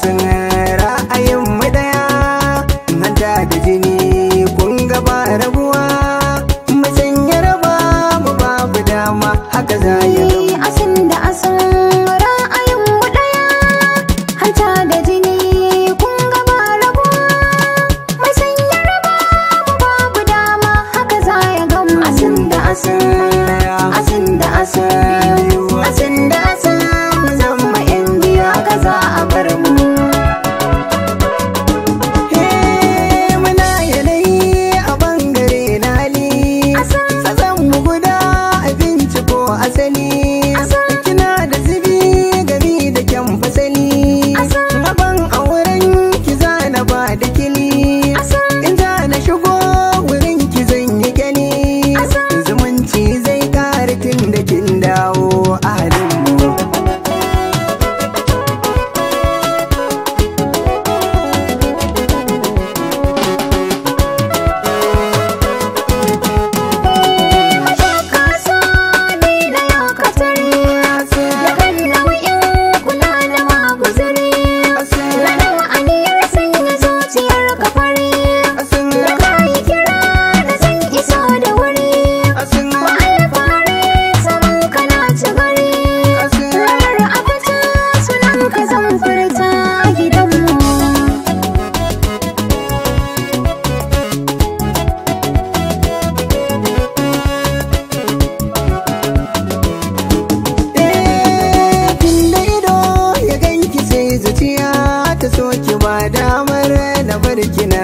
sun ra'ayin mu daya hanta da jini kun gaba rabuwa mu sanya raba mu babu dama haka za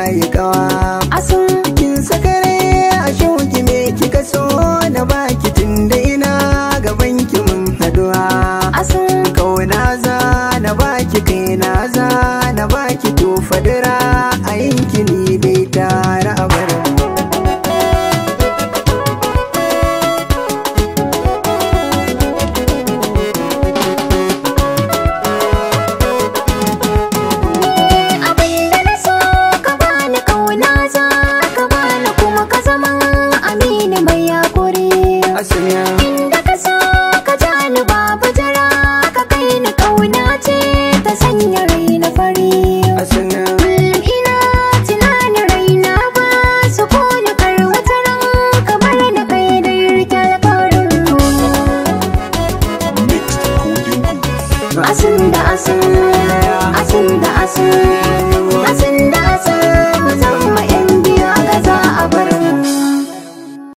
na yi kawa asun kin sakare a shauki me kika so na baki tunda ina gaban ki mun haduwa asun kauna za na baki kai na za na baki to fadira hasiya da ka so ka ja ni babu jira ka kai ni kauna ce ta sanya rai na fari hasiya kullum ina tunanin rai na ba su ko ni karwata ran kamar na kai da yirke alkawarin asin da asin asin da asin